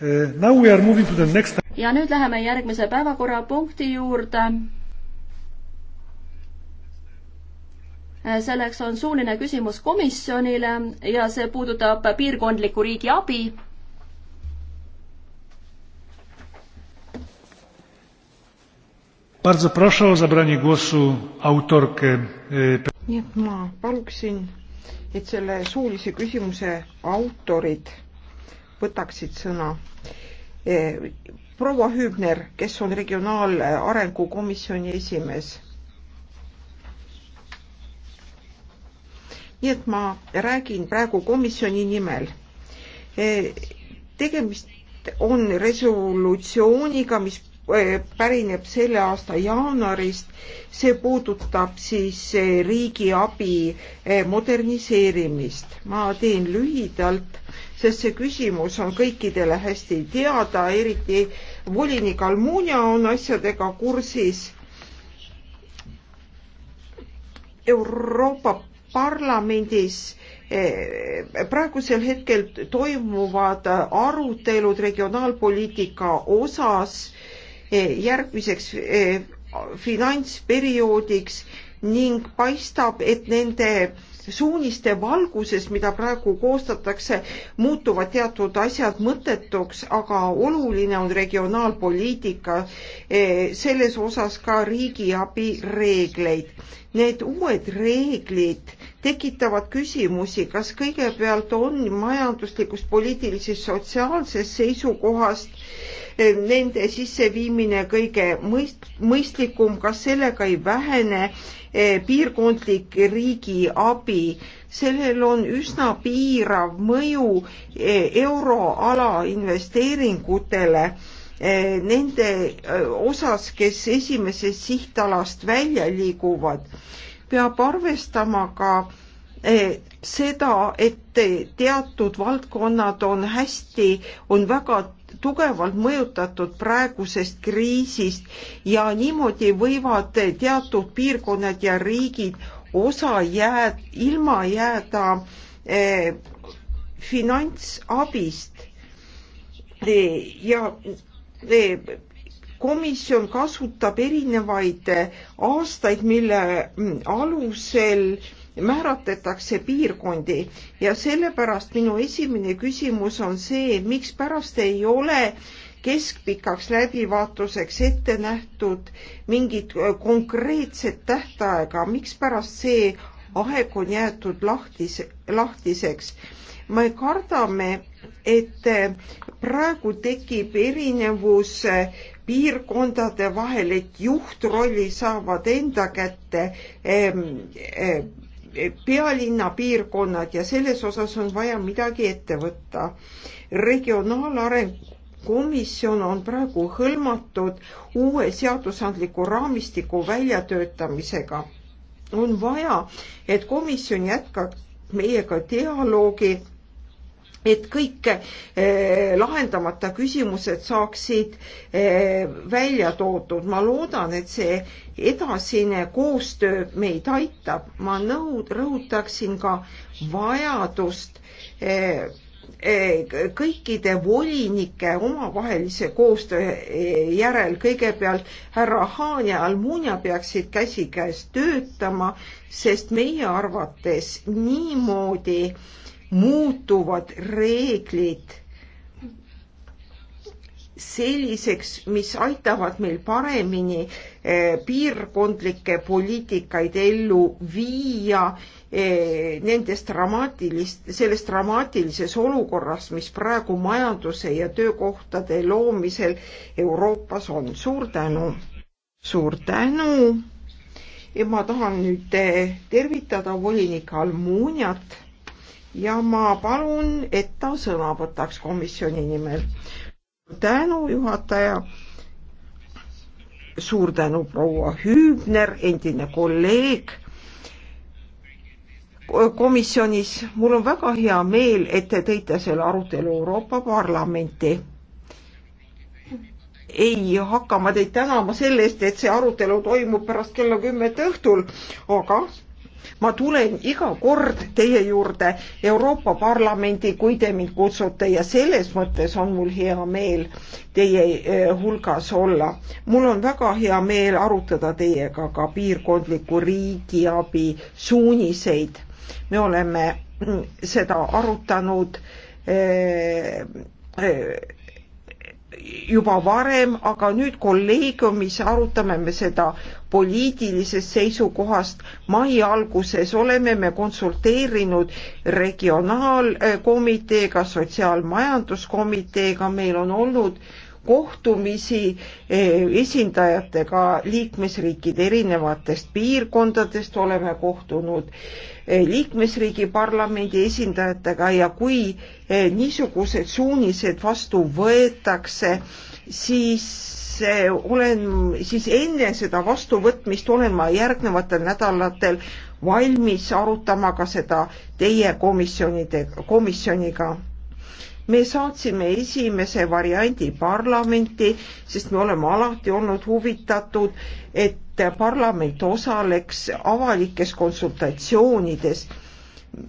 Eh, next... ja nüüd läheme järgmise päevakorrapunkti juurde. Eh, selleks on suuline küsimus komisjonile ja see puudutab piirkondlikku riigiabi Bardzo proszę o zabranie głosu autorkę. E, Nii et ma paluksin, et selle suulise küsimuse autorid võtaksid sõna. Eh, proua Hübner, kes on Regionaalarengu Komisjoni esimees. nii et ma räägin praegu komisjoni nimel. Eh, tegemist on resolutsiooniga, mis eh, pärineb selle aasta jaanuarist, see puudutab siis riigiabi moderniseerimist. ma teen lühidalt, sest see küsimus on kõikidele hästi teada, eriti volinik Almunia on asjadega kursis. Euroopa Parlamendis eh, praegusel hetkel toimuvad arutelud regionaalpoliitika osas eh, järgmiseks eh, finantsperioodiks ning paistab, et nende suuniste valguses, mida praegu koostatakse, muutuvad teatud asjad mõttetuks, aga oluline on regionaalpoliitika, eh, selles osas ka riigiabi reegleid. Need uued reeglid tekitavad küsimusi, kas kõigepealt on majanduslikust, poliitilisest, sotsiaalsest seisukohast eh, nende sisseviimine kõige mõist-, mõistlikum, kas sellega ei vähene Eh, piirkondlik riigiabi, sellel on üsna piirav mõju eh, euroala investeeringutele eh, nende osas, kes esimesest sihtalast välja liiguvad. peab arvestama ka seda, et teatud valdkonnad on hästi, on väga tugevalt mõjutatud praegusest kriisist ja niimoodi võivad teatud piirkonnad ja riigid osa jääd, ilma jääda eh, finantsabist eh, ja eh, komisjon kasutab erinevaid eh, aastaid, mille mm, alusel eh, määratletakse piirkondi ja sellepärast minu esimene küsimus on see, mikspärast ei ole keskpikaks läbivaatuseks ette nähtud mingit konkreetset tähtaega, mikspärast see aeg on jäetud lahtis, lahtiseks. me kardame, et praegu tekib erinevus piirkondade vahel, et juhtrolli saavad enda kätte ähm, ähm, pealinna piirkonnad ja selles osas on vaja midagi ette võtta. regionaalarengu komisjon on praegu hõlmatud uue seadusandliku raamistiku väljatöötamisega. on vaja, et komisjon jätkaks meiega dialoogi et kõik eh, lahendamata küsimused saaksid eh, välja toodud. ma loodan, et see edasine koostöö meid aitab. ma nõud, rõhutaksin ka vajadust eh, kõikide volinike omavahelise koostöö järel kõigepealt härra Haan ja Almunia peaksid käsikäes töötama, sest meie arvates niimoodi äh, muutuvad reeglid selliseks, mis aitavad meil paremini eh, piirkondlikke poliitikaid ellu viia eh, nendest dramaatilist, selles dramaatilises olukorras, mis praegu majanduse ja töökohtade loomisel Euroopas on. suur tänu! suur tänu! ja ma tahan nüüd eh, tervitada volinik Almuniat ja ma palun, et ta sõna võtaks komisjoni nimel. tänu, juhataja. suur tänu, proua Hüübner, endine kolleeg komisjonis. mul on väga hea meel, et te tõite selle arutelu Euroopa Parlamenti ei hakka ma teid tänama selle eest, et see arutelu toimub pärast kella kümmet õhtul, aga ma tulen iga kord teie juurde Euroopa Parlamendi, kui te mind kutsute ja selles mõttes on mul hea meel teie eh, hulgas olla. mul on väga hea meel arutada teiega ka piirkondliku riigiabi suuniseid. me oleme mm, seda arutanud eh, eh, juba varem, aga nüüd kolleegiumis arutame me seda poliitilisest seisukohast. mai alguses oleme me konsulteerinud regionaalkomiteega, sotsiaalmajanduskomiteega, meil on olnud kohtumisi eh, esindajatega liikmesriikide erinevatest piirkondadest, oleme kohtunud eh, liikmesriigi parlamendi esindajatega ja kui eh, niisugused suunised vastu võetakse, siis olen, siis enne seda vastuvõtmist olen ma järgnevatel nädalatel valmis arutama ka seda teie komisjonide, komisjoniga me saatsime esimese variandi parlamenti, sest me oleme alati olnud huvitatud, et parlament osaleks avalikes konsultatsioonides.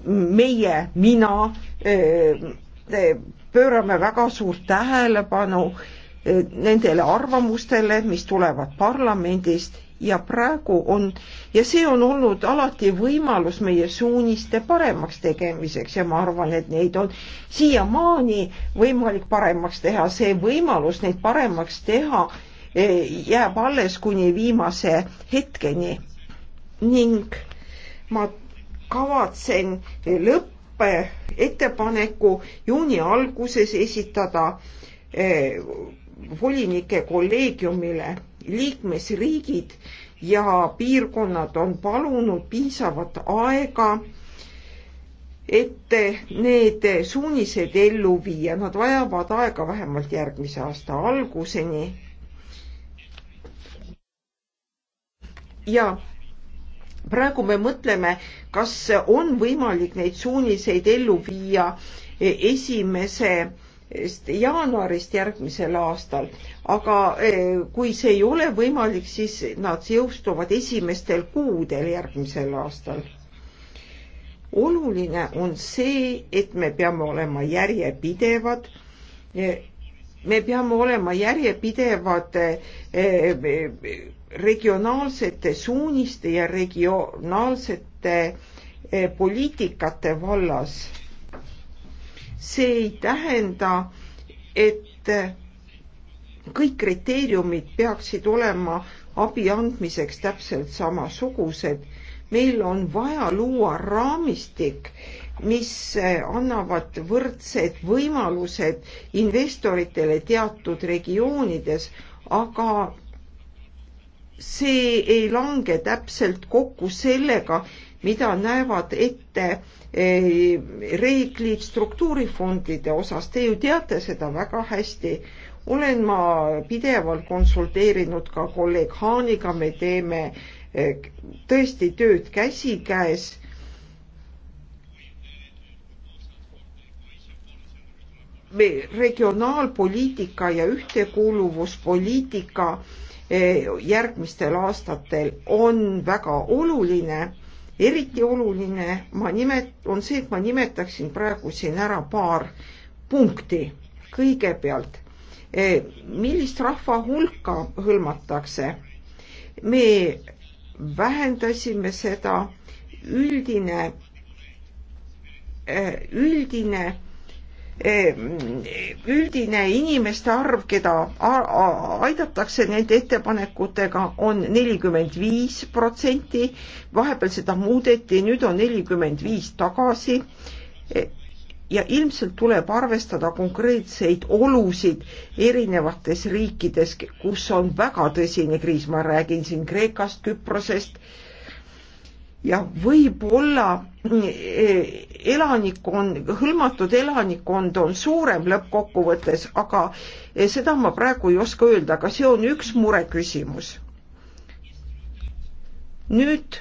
meie, mina eh, pöörame väga suurt tähelepanu eh, nendele arvamustele, mis tulevad parlamendist ja praegu on ja see on olnud alati võimalus meie suuniste paremaks tegemiseks ja ma arvan, et neid on siiamaani võimalik paremaks teha, see võimalus neid paremaks teha eh, jääb alles kuni viimase hetkeni. ning ma kavatsen lõppe ettepaneku juuni alguses esitada eh, volinike kolleegiumile liikmesriigid ja piirkonnad on palunud piisavat aega, et need suunised ellu viia, nad vajavad aega vähemalt järgmise aasta alguseni. ja praegu me mõtleme, kas on võimalik neid suuniseid ellu viia esimese jaanuarist järgmisel aastal, aga eh, kui see ei ole võimalik, siis nad jõustuvad esimestel kuudel järgmisel aastal. oluline on see, et me peame olema järjepidevad. Eh, me peame olema järjepidevad eh, regionaalsete suuniste ja regionaalsete poliitikate vallas see ei tähenda, et kõik kriteeriumid peaksid olema abi andmiseks täpselt samasugused. meil on vaja luua raamistik, mis annavad võrdsed võimalused investoritele teatud regioonides, aga see ei lange täpselt kokku sellega, mida näevad ette eh, reeglid struktuurifondide osas, te ju teate seda väga hästi. olen ma pidevalt konsulteerinud ka kolleeg Haaniga, me teeme eh, tõesti tööd käsikäes regionaalpoliitika ja ühtekuuluvuspoliitika eh, järgmistel aastatel on väga oluline eriti oluline, ma nimet-, on see, et ma nimetaksin praegu siin ära paar punkti. kõigepealt, eh, millist rahva hulka hõlmatakse? me vähendasime seda üldine, eh, üldine Ehm, üldine inimeste arv, keda aidatakse nende ettepanekutega, on nelikümmend viis protsenti, vahepeal seda muudeti, nüüd on nelikümmend viis tagasi e, ja ilmselt tuleb arvestada konkreetseid olusid erinevates riikides, kus on väga tõsine kriis, ma räägin siin Kreekast, Küprosest ja võib-olla eh, elanikkond, hõlmatud elanikkond on suurem lõppkokkuvõttes, aga eh, seda ma praegu ei oska öelda, aga see on üks mureküsimus. nüüd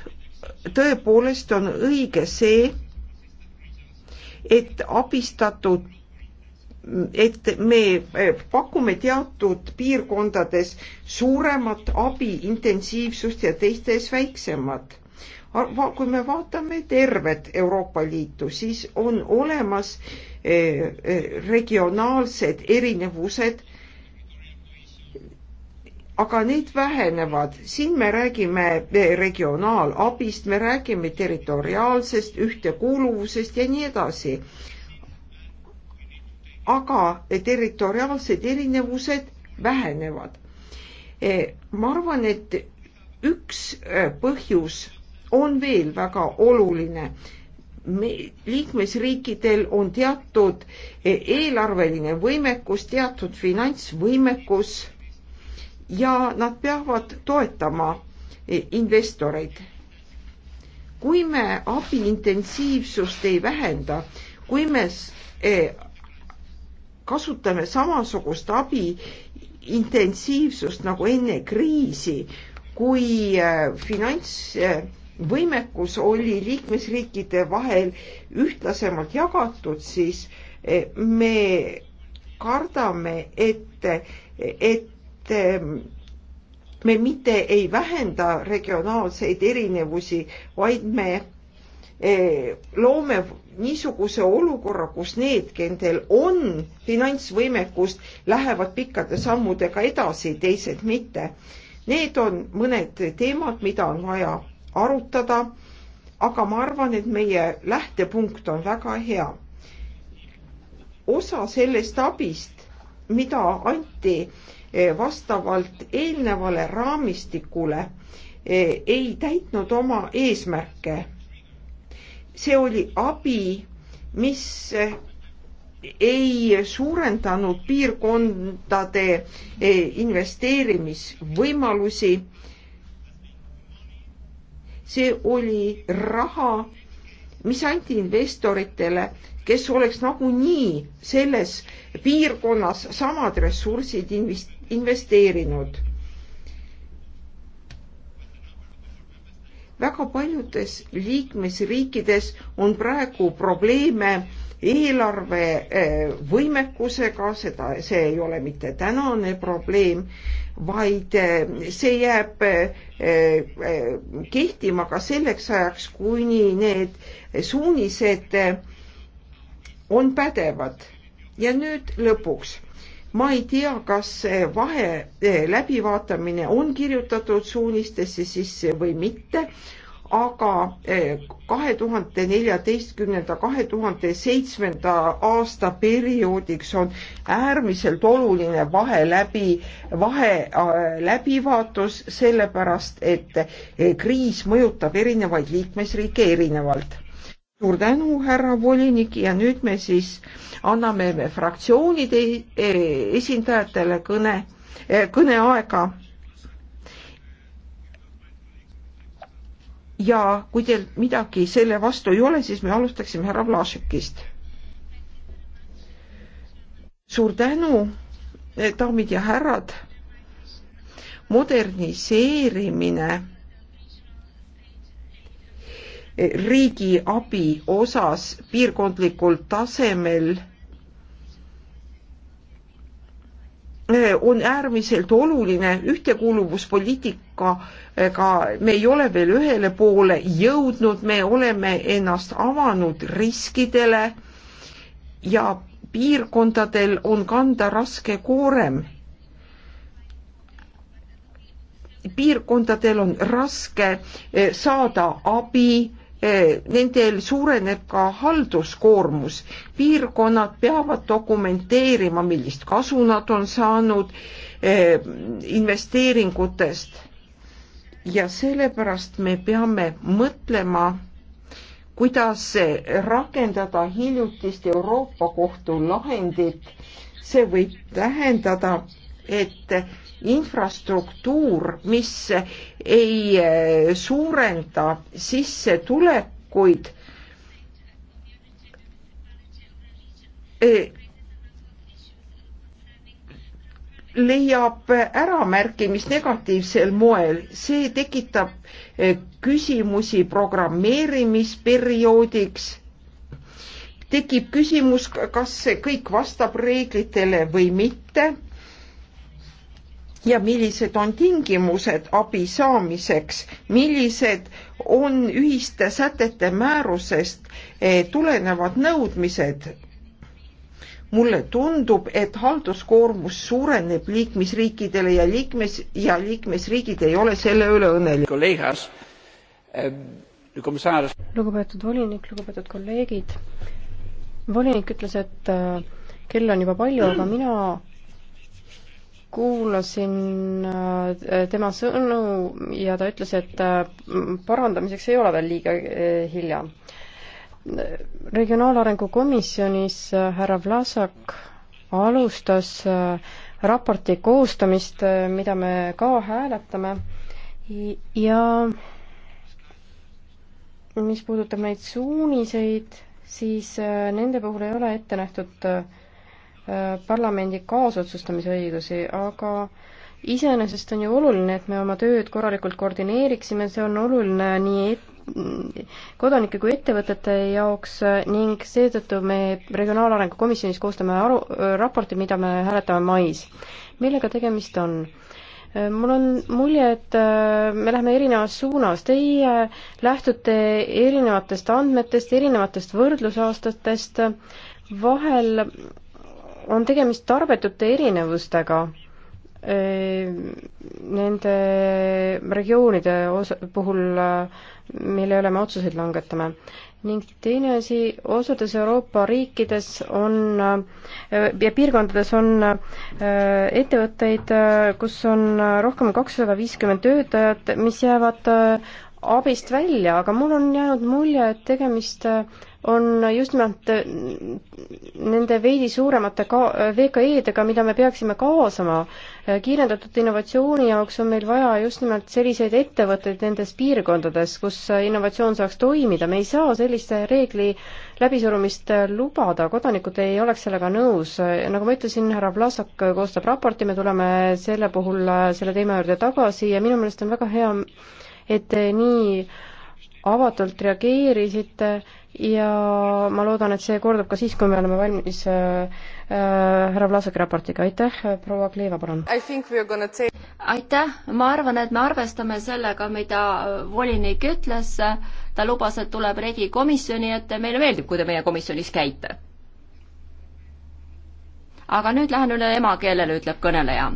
tõepoolest on õige see, et abistatud et me eh, pakume teatud piirkondades suuremat abi intensiivsust ja teistes väiksemat kui me vaatame tervet Euroopa Liitu, siis on olemas eh, eh, regionaalsed erinevused, aga need vähenevad. siin me räägime eh, regionaalabist, me räägime territoriaalsest ühtekuuluvusest ja nii edasi. aga territoriaalsed erinevused vähenevad. ma arvan, et üks põhjus on veel väga oluline. liikmesriikidel on teatud e, eelarveline võimekus, teatud finantsvõimekus ja nad peavad toetama e, investoreid. kui me abi intensiivsust ei vähenda, kui me e, kasutame samasugust abi intensiivsust nagu enne kriisi, kui finants võimekus oli liikmesriikide vahel ühtlasemalt jagatud, siis eh, me kardame, et, et eh, me mitte ei vähenda regionaalseid erinevusi, vaid me eh, loome niisuguse olukorra, kus need, kendel on finantsvõimekust, lähevad pikkade sammudega edasi, teised mitte. Need on mõned teemad, mida on vaja arutada, aga ma arvan, et meie lähtepunkt on väga hea. osa sellest abist, mida anti eh, vastavalt eelnevale raamistikule, eh, ei täitnud oma eesmärke. see oli abi, mis eh, ei suurendanud piirkondade investeerimisvõimalusi see oli raha, mis anti investoritele, kes oleks nagunii selles piirkonnas samad ressursid investeerinud. väga paljudes liikmesriikides on praegu probleeme eelarve eh, võimekusega, seda, see ei ole mitte tänane probleem, vaid eh, see jääb eh, eh, kehtima ka selleks ajaks, kuni need suunised on pädevad. ja nüüd lõpuks. ma ei tea, kas vahe läbivaatamine on kirjutatud suunistesse sisse või mitte, aga eh, kahe tuhande neljateistkümnenda, kahe tuhande seitsmenda aasta perioodiks on äärmiselt oluline vahe läbi, vahe eh, läbivaatus, sellepärast et eh, kriis mõjutab erinevaid liikmesriike erinevalt. suur tänu, härra volinik ja nüüd me siis anname me fraktsioonide esindajatele kõne, kõneaega ja kui teil midagi selle vastu ei ole, siis me alustaksime härra Vlašekist. suur tänu, daamid ja härrad. moderniseerimine riigiabi osas piirkondlikul tasemel Äh, on äärmiselt oluline ühtekuuluvuspoliitikaga, me ei ole veel ühele poole jõudnud, me oleme ennast avanud riskidele ja piirkondadel on kanda raske koorem. piirkondadel on raske äh, saada abi Eh, nendel suureneb ka halduskoormus. piirkonnad peavad dokumenteerima, millist kasu nad on saanud eh, investeeringutest. ja sellepärast me peame mõtlema, kuidas rakendada hiljutist Euroopa Kohtu lahendit. see võib tähendada, et infrastruktuur, mis ei eh, suurenda sissetulekuid, eh, leiab äramärkimist negatiivsel moel, see tekitab eh, küsimusi programmeerimisperioodiks. tekib küsimus, kas see kõik vastab reeglitele või mitte ja millised on tingimused abi saamiseks, millised on ühiste sätete määrusest eh, tulenevad nõudmised mulle tundub, et halduskoormus suureneb liikmesriikidele ja liikmes ja liikmesriigid ei ole selle üle õnnelikud. Eh, lugupeetud volinik, lugupeetud kolleegid. volinik ütles, et eh, kell on juba palju, aga mina kuulasin äh, tema sõnu ja ta ütles, et äh, parandamiseks ei ole veel liiga äh, hilja. regionaalarengu komisjonis härra Vlasak alustas raporti koostamist, mida me ka hääletame ja mis puudutab neid suuniseid, siis nende puhul ei ole ette nähtud äh, parlamendi kaasotsustamisõigusi, aga iseenesest on ju oluline, et me oma tööd korralikult koordineeriksime, see on oluline nii et, kodanike kui ettevõtete jaoks ning seetõttu me Regionaalarengu Komisjonis koostame aru, raporti, mida me hääletame mais. millega tegemist on? mul on mulje, et äh, me läheme erinevas suunas, teie lähtute erinevatest andmetest, erinevatest võrdlusaastatest, vahel on tegemist tarbetute erinevustega e, nende regioonide osa, puhul, mille üle me otsuseid langetame. ning teine asi, osades Euroopa riikides on e, ja piirkondades on e, ettevõtteid, kus on rohkem kui kakssada viiskümmend töötajat, mis jäävad abist välja, aga mul on jäänud mulje, et tegemist on just nimelt äh, nende veidi suuremate ka-, VKE-dega, mida me peaksime kaasama. Äh, kiirendatud innovatsiooni jaoks on meil vaja just nimelt selliseid ettevõtteid nendes piirkondades, kus äh, innovatsioon saaks toimida, me ei saa selliste reegli läbisurumist lubada, kodanikud ei oleks sellega nõus. nagu ma ütlesin, härra Vlasak koostab raporti, me tuleme selle puhul selle teema juurde tagasi ja minu meelest on väga hea, et nii äh, avatult reageerisite ja ma loodan, et see kordub ka siis, kui me oleme valmis äh, äh, härra äh, Vlasek raportiga, aitäh, proua Kleeva, palun! aitäh, ma arvan, et me arvestame sellega, mida äh, volinik ütles, ta lubas, et tuleb regi komisjoni ette, meile meeldib, kui te meie komisjonis käite. aga nüüd lähen üle emakeelele, ütleb kõneleja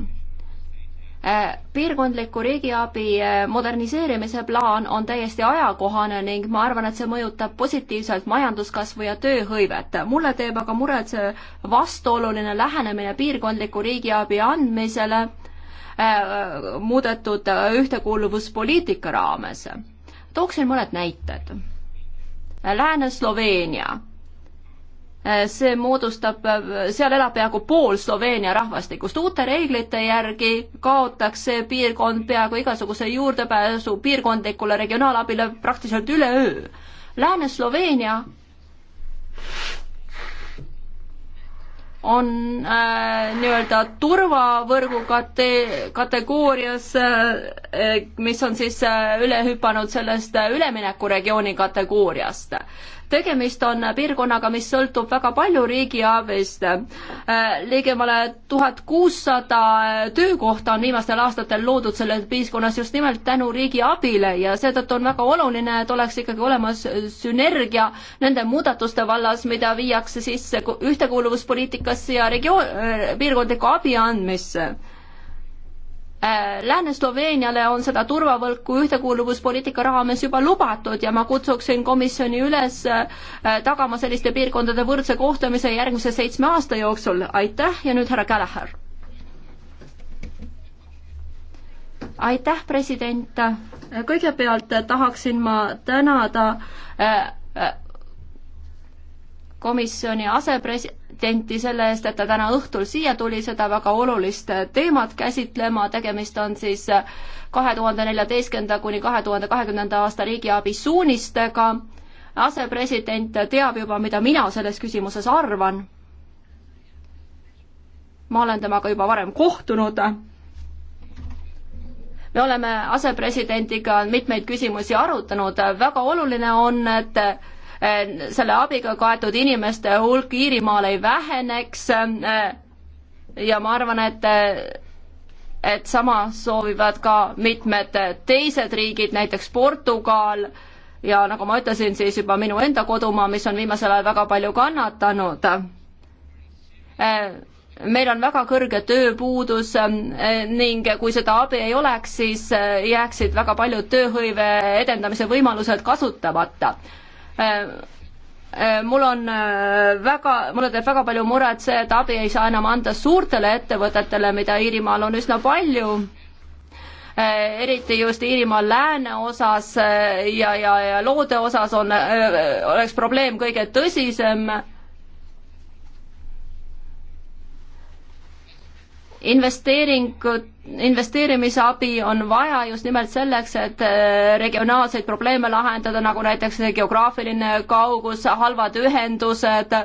Äh, piirkondliku riigiabi äh, moderniseerimise plaan on täiesti ajakohane ning ma arvan, et see mõjutab positiivselt majanduskasvu ja tööhõivet. mulle teeb aga muret see vastuoluline lähenemine piirkondliku riigiabi andmisele äh, muudetud äh, ühtekuuluvuspoliitika raames. tooksin mõned näited. Lääne-Sloveenia Äh, see moodustab, äh, seal elab peaaegu pool Sloveenia rahvastikust. uute reeglite järgi kaotaks see piirkond peaaegu igasuguse juurdepääsu piirkondlikule regionaalabile praktiliselt üleöö. Lääne-Sloveenia on äh, nii-öelda turvavõrgu kate-, kategoorias äh,, mis on siis äh, üle hüpanud sellest äh, üleminekuregiooni kategooriast äh, tegemist on piirkonnaga, mis sõltub väga palju riigiabist. Äh, ligemale tuhat kuussada äh, töökohta on viimastel aastatel loodud selles piirkonnas just nimelt tänu riigi abile ja seetõttu on väga oluline, et oleks ikkagi olemas sünergia nende muudatuste vallas, mida viiakse sisse ühtekuuluvuspoliitikasse ja regioon, äh, piirkondlikku abi andmisse Äh, Lääne-Sloveeniale on seda turvavõlku ühtekuuluvuspoliitika raames juba lubatud ja ma kutsuksin komisjoni üles äh, tagama selliste piirkondade võrdse kohtlemise järgmise seitsme aasta jooksul. aitäh ja nüüd härra Kälehär. aitäh, president. kõigepealt tahaksin ma tänada äh, komisjoni asepres-, presidenti selle eest, et ta täna õhtul siia tuli seda väga olulist teemat käsitlema, tegemist on siis kahe tuhande neljateistkümnenda kuni kahe tuhande kahekümnenda aasta riigiabi suunistega. asepresident teab juba, mida mina selles küsimuses arvan. ma olen temaga juba varem kohtunud me oleme asepresidendiga mitmeid küsimusi arutanud, väga oluline on, et Eh, selle abiga kaetud inimeste hulk Iirimaal ei väheneks. Eh, ja ma arvan, et eh, et sama soovivad ka mitmed teised riigid, näiteks Portugal ja nagu ma ütlesin, siis juba minu enda kodumaa, mis on viimasel ajal väga palju kannatanud. meil on väga kõrge tööpuudus ning kui seda abi ei oleks, siis jääksid väga paljud tööhõive edendamise võimalused kasutamata Äh, äh, mul on äh, väga, mulle teeb väga palju muret see, et abi ei saa enam anda suurtele ettevõtetele, mida Iirimaal on üsna palju eriti just Iirimaa lääneosas ja, ja, ja loode osas on, oleks probleem kõige tõsisem investeeringud, investeerimisabi on vaja just nimelt selleks, et äh, regionaalseid probleeme lahendada, nagu näiteks geograafiline kaugus, halvad ühendused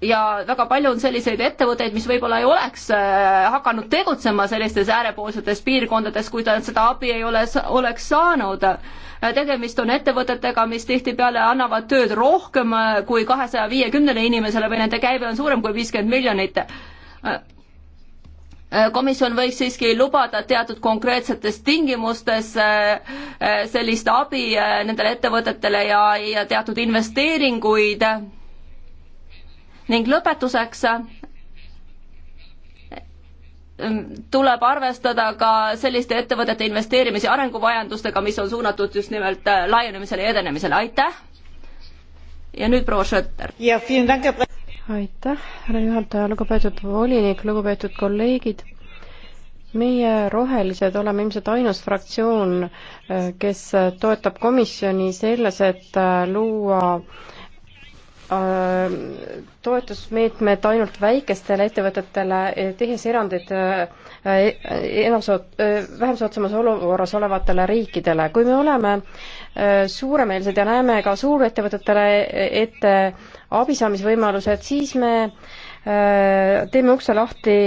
ja väga palju on selliseid ettevõtteid, mis võib-olla ei oleks äh, hakanud tegutsema sellistes äärepoolsetes piirkondades, kui ta seda abi ei ole, oleks saanud. Äh, tegemist on ettevõtetega, mis tihtipeale annavad tööd rohkem äh, kui kahesaja viiekümnele inimesele või nende käive on suurem kui viiskümmend miljonit komisjon võiks siiski lubada teatud konkreetsetes tingimustes sellist abi nendele ettevõtetele ja, ja teatud investeeringuid ning lõpetuseks ähm, tuleb arvestada ka selliste ettevõtete investeerimise arenguvajadustega, mis on suunatud just nimelt äh, laienemisele ja edenemisele, aitäh! ja nüüd proua Schötter. aitäh, härra juhataja, lugupeetud volinik, lugupeetud kolleegid meie rohelised oleme ilmselt ainus fraktsioon, äh, kes toetab komisjoni selles, et äh, luua Äh, toetusmeetmed ainult väikestele ettevõtetele, eh, tehes erandeid äh, eh, enam soot-, äh, vähem soodsamas olukorras olevatele riikidele. kui me oleme suuremeelsed ja näeme ka suurettevõtetele eh, ette abisaamisvõimalused, siis me teeme ukse lahti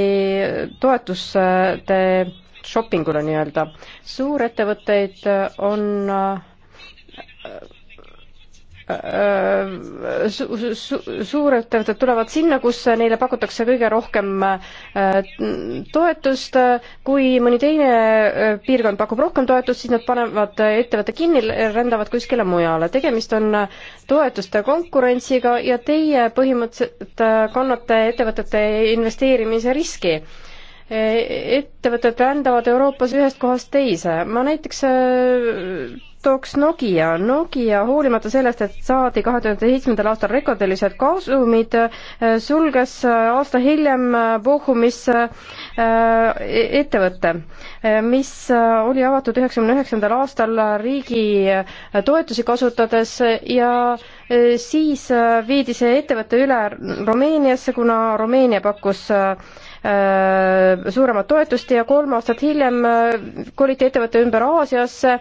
toetuste shoppingule nii-öelda. suurettevõtteid on Äh, su-, su-, suurettevõtted tulevad sinna, kus neile pakutakse kõige rohkem äh, toetust, kui mõni teine äh, piirkond pakub rohkem toetust, siis nad panevad ettevõtte kinni, rändavad kuskile mujale. tegemist on toetuste konkurentsiga ja teie põhimõtteliselt kannate ettevõtete investeerimise riski ettevõtted rändavad Euroopas ühest kohast teise. ma näiteks tooks Nokia. Nokia hoolimata sellest, et saadi kahe tuhande seitsmendal aastal rekordilised kasumid, äh, sulges äh, aasta hiljem äh, Bochumis ettevõtte, mis oli avatud üheksakümne üheksandal aastal riigi toetusi kasutades ja siis viidi see ettevõte üle Rumeeniasse, kuna Rumeenia pakkus Äh, suuremat toetust ja kolm aastat hiljem äh, koliti ettevõte ümber Aasiasse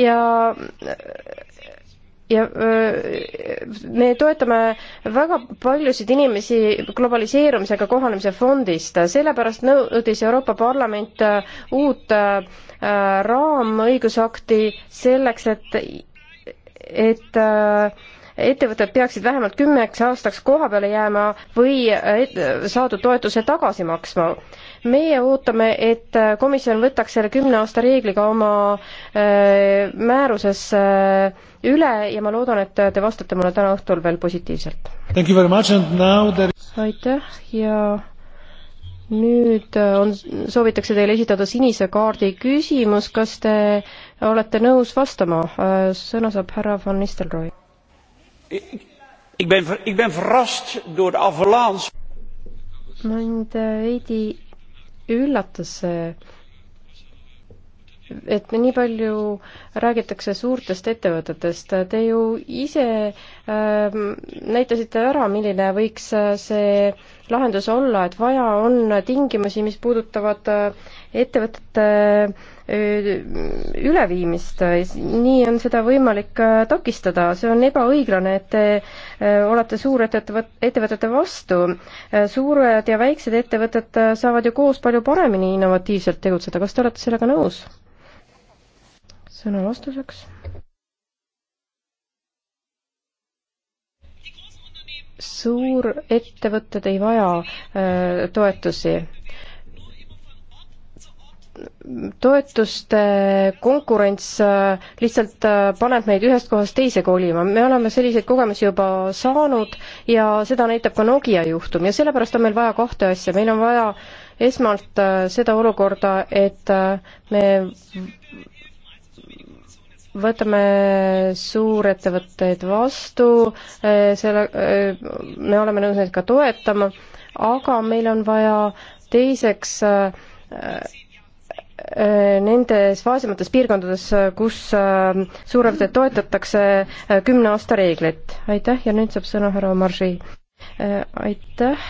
ja ja äh, me toetame väga paljusid inimesi globaliseerumisega kohanemise fondist, sellepärast nõudis Euroopa Parlament uut raamõigusakti selleks, et, et ettevõtted peaksid vähemalt kümneks aastaks koha peale jääma või eh, eh, saadud toetuse tagasi maksma. meie ootame, et eh, komisjon võtaks selle kümne aasta reegliga oma määruses üle ja ma loodan, et te vastate mulle täna õhtul veel positiivselt. There... aitäh ja nüüd on, soovitakse teile esitada sinise kaardi küsimus, kas te olete nõus vastama? sõna saab härra Van Nistelrooy. Ik, ik, ben, ik ben verrast door de avalans. mind eh, veidi üllatas see, eh, et nii palju räägitakse suurtest ettevõtetest. Te ju ise äh, näitasite ära, milline võiks see lahendus olla, et vaja on tingimusi, mis puudutavad äh, ettevõtete üleviimist, nii on seda võimalik takistada, see on ebaõiglane, et te olete suurettevõt-, ettevõtete vastu. suured ja väiksed ettevõtted saavad ju koos palju paremini innovatiivselt tegutseda, kas te olete sellega nõus? sõna vastuseks. suurettevõtted ei vaja öö, toetusi toetuste konkurents äh, lihtsalt äh, paneb meid ühest kohast teise kolima. me oleme selliseid kogemusi juba saanud ja seda näitab ka Nokia juhtum ja sellepärast on meil vaja kahte asja, meil on vaja esmalt äh, seda olukorda, et me võtame suurettevõtteid vastu, selle, me oleme nõus neid ka toetama, aga meil on vaja teiseks äh, Äh, nendes vaesemates piirkondades, äh, kus äh, suurelt toetatakse kümne aasta reeglit. aitäh ja nüüd saab sõna härra Marži. aitäh,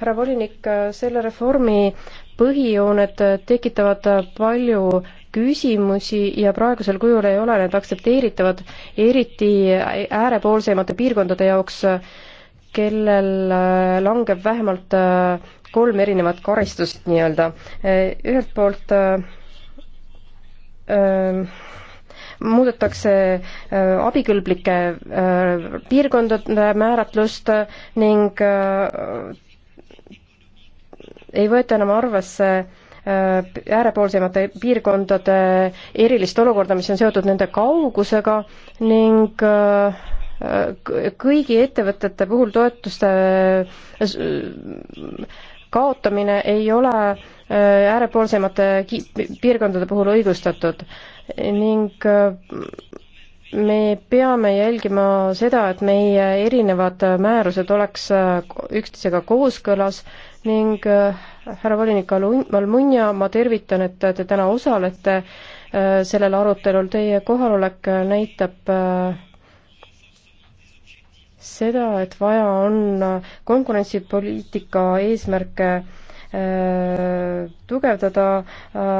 härra volinik, selle reformi põhijooned tekitavad palju küsimusi ja praegusel kujul ei ole need aktsepteeritavad, eriti äärepoolseimate piirkondade jaoks äh, kellel äh, langeb vähemalt äh, kolm erinevat karistust nii-öelda. Äh, ühelt poolt muudetakse abikülblike piirkondade määratlust ning ei võeta enam arvesse äärepoolsemate piirkondade erilist olukorda, mis on seotud nende kaugusega ning äh, kõigi ettevõtete puhul toetuste kaotamine ei ole äh, äärepoolsemate piirkondade puhul õigustatud ning äh, me peame jälgima seda, et meie erinevad määrused oleks äh, üksteisega kooskõlas ning härra volinik Almunia, ma tervitan, et te täna osalete sellel arutelul, teie kohalolek näitab äh, seda, et vaja on konkurentsipoliitika eesmärke äh, tugevdada, äh,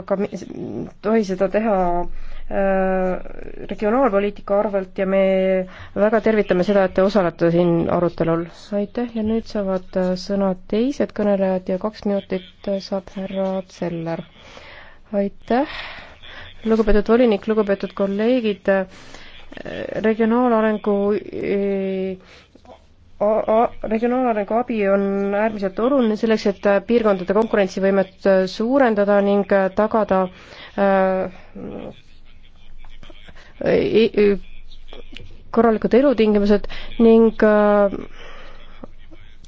aga me ei tohi seda teha äh, regionaalpoliitika arvelt ja me väga tervitame seda, et te osalete siin arutelul. aitäh ja nüüd saavad sõna teised kõnelejad ja kaks minutit saab härra Zeller. aitäh, lugupeetud volinik, lugupeetud kolleegid regionaalarengu e, regionaalarengu abi on äärmiselt oluline selleks, et piirkondade konkurentsivõimet suurendada ning tagada e, e, korralikud elutingimused ning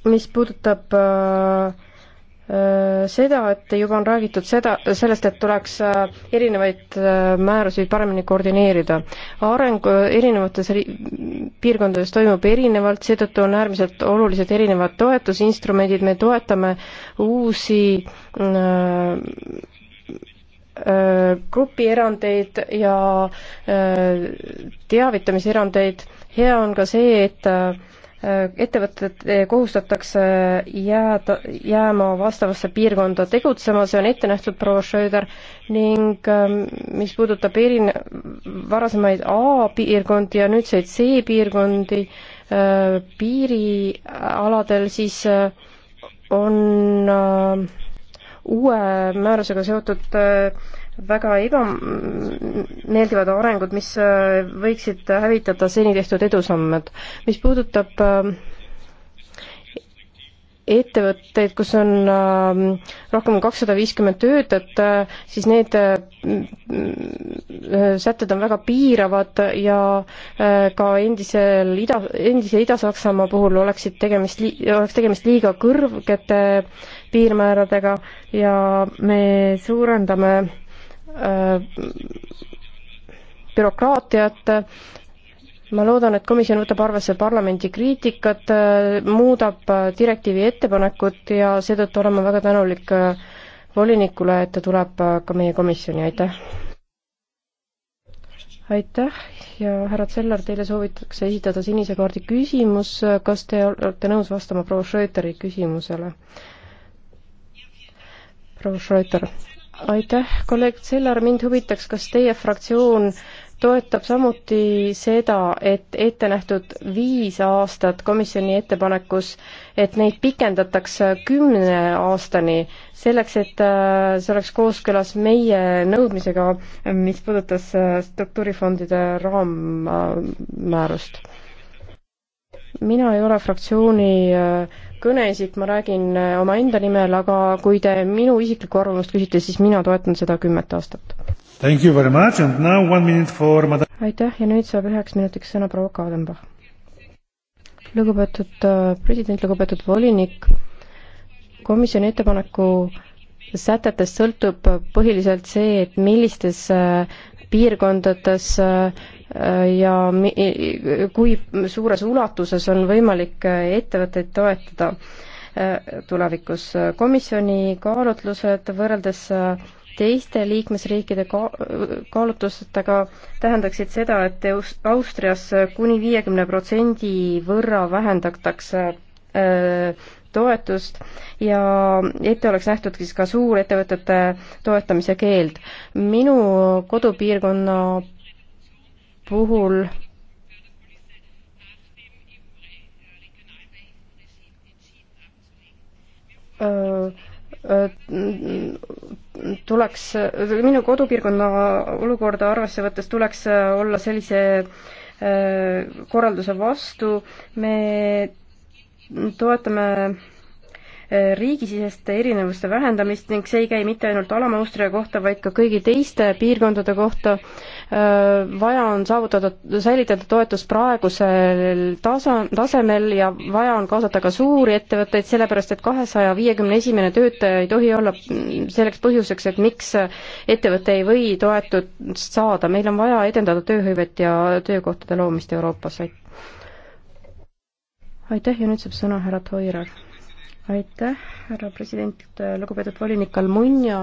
mis puudutab äh, Äh, seda, et juba on räägitud seda, sellest, et tuleks äh, erinevaid äh, määrusi paremini koordineerida. areng erinevates piirkondades toimub erinevalt, seetõttu on äärmiselt olulised erinevad toetusinstrumendid, me toetame uusi grupierandeid ja teavitamiserandeid, hea on ka see, et Äh, ettevõtted äh, kohustatakse äh, jääda, jääma vastavasse piirkonda tegutsema, see on ette nähtud proua Schröder, ning ähm, mis puudutab erine-, varasemaid A-piirkondi ja nüüdseid C-piirkondi piirialadel, siis on uue määrusega seotud äh, väga ebameeldivad arengud, mis äh, võiksid hävitada seni tehtud edusammud. mis puudutab äh, ettevõtteid, kus on ähm, rohkem kui kakssada viiskümmend töötajat, äh, siis need mm, sätted on väga piiravad ja ka endisel ida, endise Ida-Saksamaa puhul oleksid tegemist, oleks tegemist liiga kõrgete piirmääradega ja me suurendame Äh, bürokraatiat, ma loodan, et komisjon võtab arvesse parlamendi kriitikat, äh, muudab äh, direktiivi ettepanekut ja seetõttu olen ma väga tänulik volinikule, et ta tuleb ka meie komisjoni, aitäh! aitäh ja härra Zeller, teile soovitakse esitada sinise kaardi küsimus, kas te olete nõus vastama proua Schröteri küsimusele? proua Schröter aitäh, kolleeg Sellar, mind huvitaks, kas teie fraktsioon toetab samuti seda, et ette nähtud viis aastat komisjoni ettepanekus, et neid pikendatakse kümne aastani, selleks et äh, see oleks kooskõlas meie nõudmisega, mis puudutas äh, struktuurifondide raammäärust. mina ei ole fraktsiooni äh, kõneisik, ma räägin äh, omaenda nimel, aga kui te minu isiklikku arvamust küsite, siis mina toetan seda kümmet aastat. aitäh ja nüüd saab üheks minutiks sõna proua Kadenbach. lugupeetud äh, president, lugupeetud volinik, komisjoni ettepaneku sätetest sõltub põhiliselt see, et millistes äh, piirkondades äh, ja kui suures ulatuses on võimalik ettevõtteid toetada äh, tulevikus. komisjoni kaalutlused võrreldes äh, teiste liikmesriikide ka-, kaalutlustega tähendaksid seda, et Austrias kuni viiekümne protsendi võrra vähendatakse äh, toetust ja ette oleks nähtud siis ka suurettevõtete toetamise keeld. minu kodupiirkonna puhul öö, tuleks, minu kodupiirkonna olukorda arvesse võttes tuleks olla sellise korralduse vastu, me toetame riigisiseste erinevuste vähendamist ning see ei käi mitte ainult Alama-Austria kohta, vaid ka kõigi teiste piirkondade kohta. Äh, vaja on saavutada, säilitada toetus praegusel tasa, tasemel ja vaja on kaasata ka suuri ettevõtteid, sellepärast et kahesaja viiekümne esimene töötaja ei tohi olla selleks põhjuseks, et miks ettevõte ei või toetust saada, meil on vaja edendada tööhõivet ja töökohtade loomist Euroopas. aitäh ja nüüd saab sõna härra Toirer aitäh, härra president, lugupeetud volinik Almunia.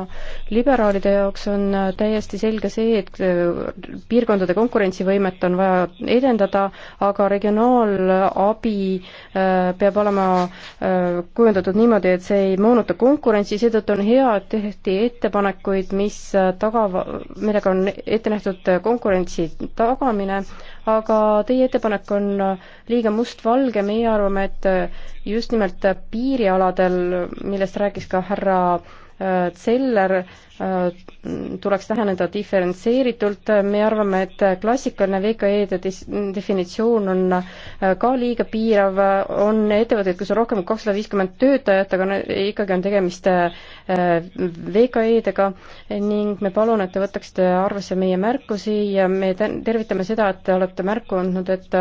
liberaalide jaoks on täiesti selge see, et äh, piirkondade konkurentsivõimet on vaja edendada, aga regionaalabi äh, peab olema äh, kujundatud niimoodi, et see ei moonuta konkurentsi, seetõttu on hea, et tehti ettepanekuid, mis tagava, millega on ette nähtud konkurentsi tagamine, aga teie ettepanek on liiga mustvalge, meie arvame, et just nimelt piirialadel, millest rääkis ka härra Zeller äh, tuleks läheneda diferentseeritult, me arvame, et klassikaline VKE-de definitsioon on äh, ka liiga piirav, on ettevõtteid, kus on rohkem kui kakssada viiskümmend töötajat, aga ikkagi on tegemist äh, VKE-dega ning me palun, et te võtaksite arvesse meie märkusi ja me tervitame seda, et te olete märku andnud, et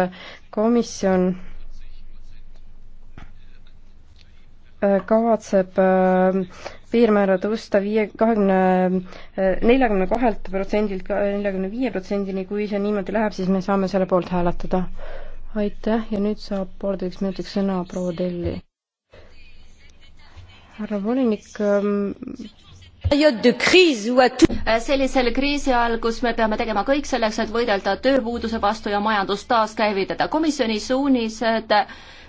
komisjon Äh, kavatseb äh, piirmäära tõsta viie, kahekümne, äh, neljakümne kahelt protsendilt neljakümne viie protsendini, kui see niimoodi läheb, siis me saame selle poolt hääletada. aitäh ja nüüd saab pooleteiseks minutiks sõna proua Telli. härra volinik, ähm, sellisel kriisi ajal, kus me peame tegema kõik selleks, et võidelda tööpuuduse vastu ja majandust taaskäivitada, komisjoni suunised et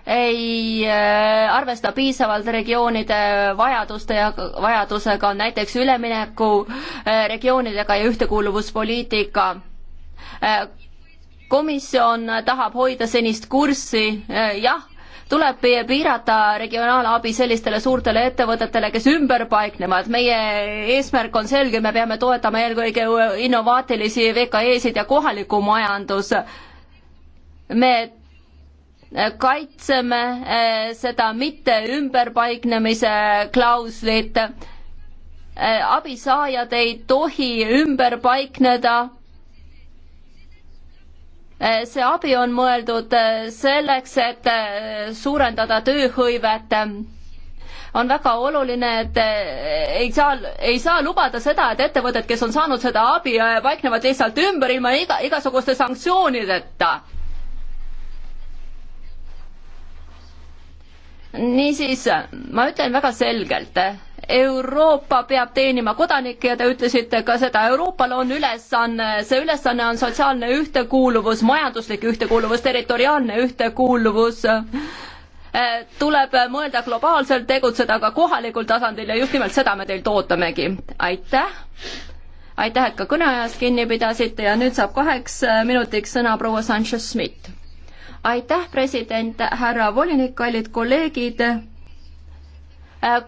ei äh, arvesta piisavalt regioonide vajaduste ja vajadusega, näiteks ülemineku äh, regioonidega ja ühtekuuluvuspoliitika. Äh, komisjon tahab hoida senist kurssi, jah tuleb piirata regionaalabi sellistele suurtele ettevõtetele, kes ümber paiknevad. meie eesmärk on selge, me peame toetama eelkõige innovaatilisi VKE-sid ja kohalikku majandus. me kaitseme eh, seda mitte ümberpaiknemise klauslit. Eh, abisaajad ei tohi ümber paikneda. Eh, see abi on mõeldud selleks, et suurendada tööhõivet on väga oluline, et ei saa, ei saa lubada seda, et ettevõtted, kes on saanud seda abi, paiknevad lihtsalt ümber ilma iga, igasuguste sanktsioonideta niisiis, ma ütlen väga selgelt, Euroopa peab teenima kodanikke ja te ütlesite ka seda, Euroopal on ülesanne, see ülesanne on sotsiaalne ühtekuuluvus, majanduslik ühtekuuluvus, territoriaalne ühtekuuluvus, eh, tuleb mõelda globaalselt, tegutseda ka kohalikul tasandil ja just nimelt seda me teilt ootamegi. aitäh! aitäh, et ka kõneajast kinni pidasite ja nüüd saab kaheks minutiks sõna proua Sanchez-Smith aitäh, president, härra volinik, kallid kolleegid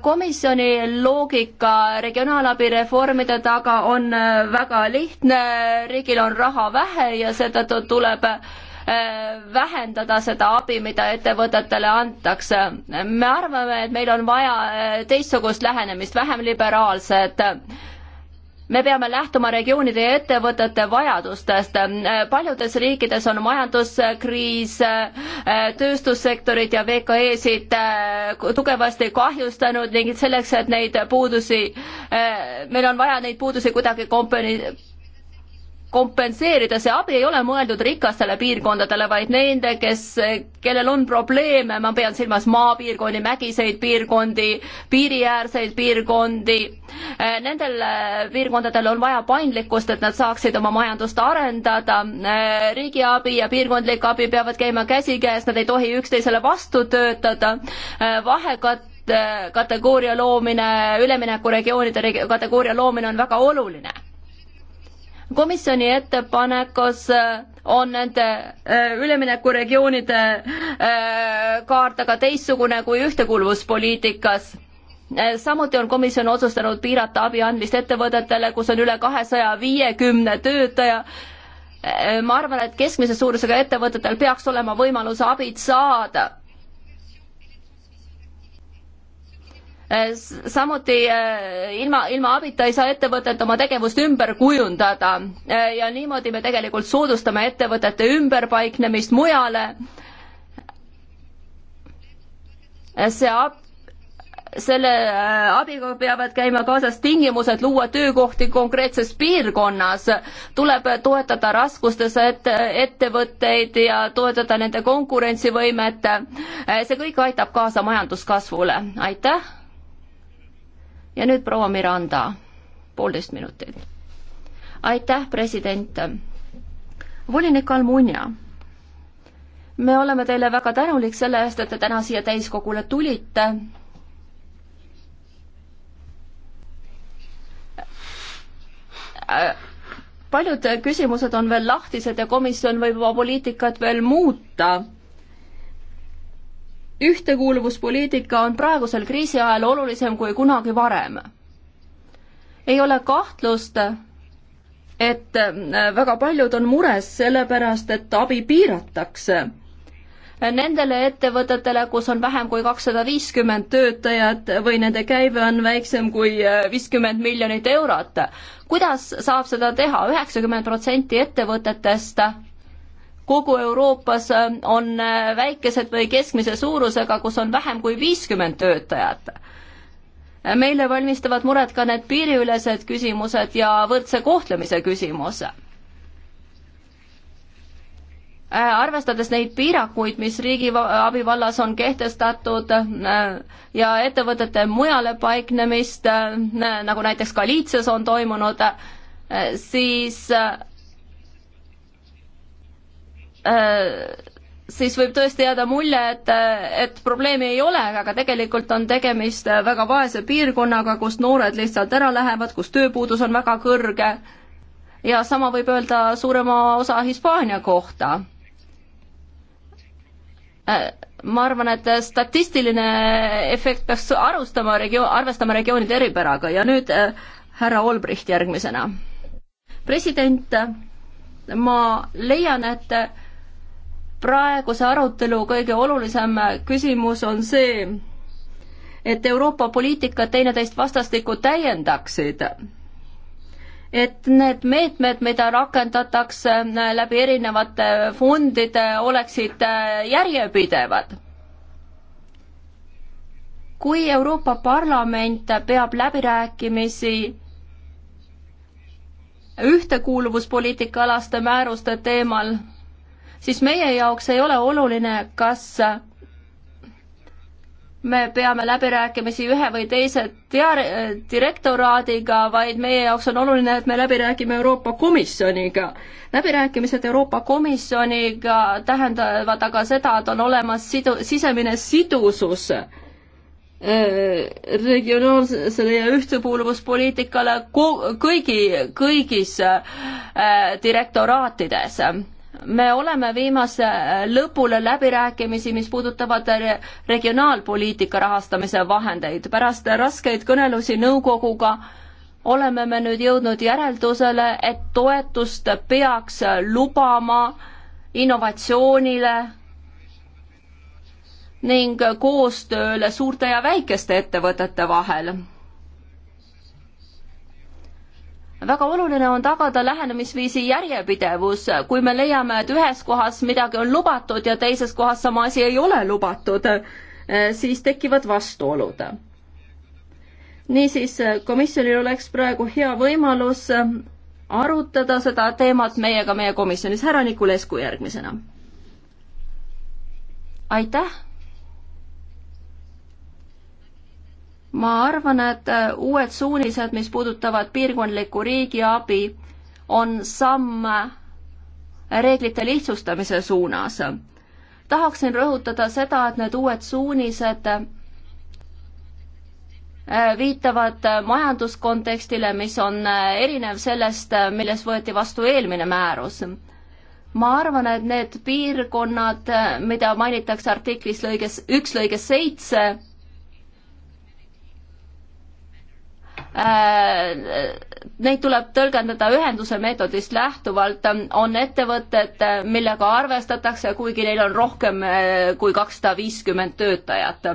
komisjoni loogika regionaalabi reformide taga on väga lihtne, riigil on raha vähe ja seetõttu tuleb äh, vähendada seda abi, mida ettevõtetele antakse. me arvame, et meil on vaja äh, teistsugust lähenemist, vähem liberaalset me peame lähtuma regioonide ja ettevõtete vajadustest. paljudes riikides on majanduskriis, tööstussektorid ja VKE-sid eh, tugevasti kahjustanud ning selleks, et neid puudusi, eh, meil on vaja neid puudusi kuidagi kompeni-, kompenseerida, see abi ei ole mõeldud rikastele piirkondadele, vaid nende, kes, kellel on probleeme, ma pean silmas maapiirkondi, mägiseid piirkondi, piiriäärseid piirkondi, eh, nendel eh, piirkondadel on vaja paindlikkust, et nad saaksid oma majandust arendada, eh, riigiabi ja piirkondlik abi peavad käima käsikäes, nad ei tohi üksteisele vastu töötada, vahekat-, kategooria loomine, üleminekuregioonide kategooria loomine on väga oluline komisjoni ettepanekus äh, on nende äh, üleminekuregioonide äh, kaart aga teistsugune kui ühtekuuluvuspoliitikas samuti on komisjon otsustanud piirata abi andmist ettevõtetele, kus on üle kahesaja viiekümne töötaja. ma arvan, et keskmise suurusega ettevõtetel peaks olema võimalus abid saada Eh, samuti eh, ilma, ilma abita ei saa ettevõtet oma tegevust ümber kujundada eh, ja niimoodi me tegelikult soodustame ettevõtete ümberpaiknemist mujale. see ab-, selle abiga peavad käima kaasas tingimused luua töökohti konkreetses piirkonnas, tuleb toetada raskustes ette, ettevõtteid ja toetada nende konkurentsivõimet. see kõik aitab kaasa majanduskasvule, aitäh ja nüüd proua Miranda, poolteist minutit. aitäh, president. volinik Almunia, me oleme teile väga tänulik selle eest, et te täna siia täiskogule tulite paljud küsimused on veel lahtised ja komisjon võib oma poliitikat veel muuta ühtekuuluvuspoliitika on praegusel kriisi ajal olulisem kui kunagi varem. ei ole kahtlust, et äh, väga paljud on mures sellepärast, et abi piiratakse. Nendele ettevõtetele, kus on vähem kui kakssada viiskümmend töötajat või nende käive on väiksem kui äh, viiskümmend miljonit eurot, kuidas saab seda teha, üheksakümmend protsenti ettevõtetest kogu Euroopas äh, on äh, väikesed või keskmise suurusega, kus on vähem kui viiskümmend töötajat äh, meile valmistavad muret ka need piiriülesed küsimused ja võrdse kohtlemise küsimus arvestades neid piirakuid, mis riigiabi vallas on kehtestatud ja ettevõtete mujale paiknemist, nagu näiteks Galiitsias on toimunud, siis Äh, siis võib tõesti jääda mulje, et, et probleemi ei ole, aga tegelikult on tegemist väga vaese piirkonnaga, kus noored lihtsalt ära lähevad, kus tööpuudus on väga kõrge ja sama võib öelda suurema osa Hispaania kohta. Äh, ma arvan, et statistiline efekt peaks arustama regioon, arvestama regioonide eripäraga ja nüüd äh, härra Olbricht järgmisena. president, ma leian, et praeguse arutelu kõige olulisem küsimus on see, et Euroopa poliitikad teineteist vastastikku täiendaksid. et need meetmed, mida rakendatakse läbi erinevate fondide, oleksid järjepidevad. kui Euroopa Parlament peab läbirääkimisi ühtekuuluvuspoliitika alaste määruste teemal siis meie jaoks ei ole oluline, kas me peame läbirääkimisi ühe või teise diar-, direktoraadiga, vaid meie jaoks on oluline, et me läbi räägime Euroopa Komisjoniga. läbirääkimised Euroopa Komisjoniga tähendavad aga seda, et on olemas sidu-, sisemine sidusus regionaalsele ja ühtekuuluvuspoliitikale ko-, kõigi, kõigis direktoraatides me oleme viimas äh, lõpule läbirääkimisi, mis puudutavad regionaalpoliitika rahastamise vahendeid. pärast raskeid kõnelusi nõukoguga oleme me nüüd jõudnud järeldusele, et toetust peaks lubama innovatsioonile ning koostööle suurte ja väikeste ettevõtete vahel väga oluline on tagada lähenemisviisi järjepidevus, kui me leiame, et ühes kohas midagi on lubatud ja teises kohas sama asi ei ole lubatud, eh, siis tekivad vastuolud. niisiis, eh, komisjonil oleks praegu hea võimalus eh, arutada seda teemat meiega meie komisjonis. härra Nikulescu järgmisena. aitäh ma arvan, et äh, uued suunised, mis puudutavad piirkondlikku riigiabi, on samm äh, reeglite lihtsustamise suunas. tahaksin rõhutada seda, et need uued suunised äh, viitavad majanduskontekstile, mis on erinev sellest, milles võeti vastu eelmine määrus. ma arvan, et need piirkonnad, mida mainitakse artiklis lõiges, üks lõige seitse, Äh, neid tuleb tõlgendada ühenduse meetodist lähtuvalt, on ettevõtted, millega arvestatakse, kuigi neil on rohkem äh, kui kakssada viiskümmend töötajat.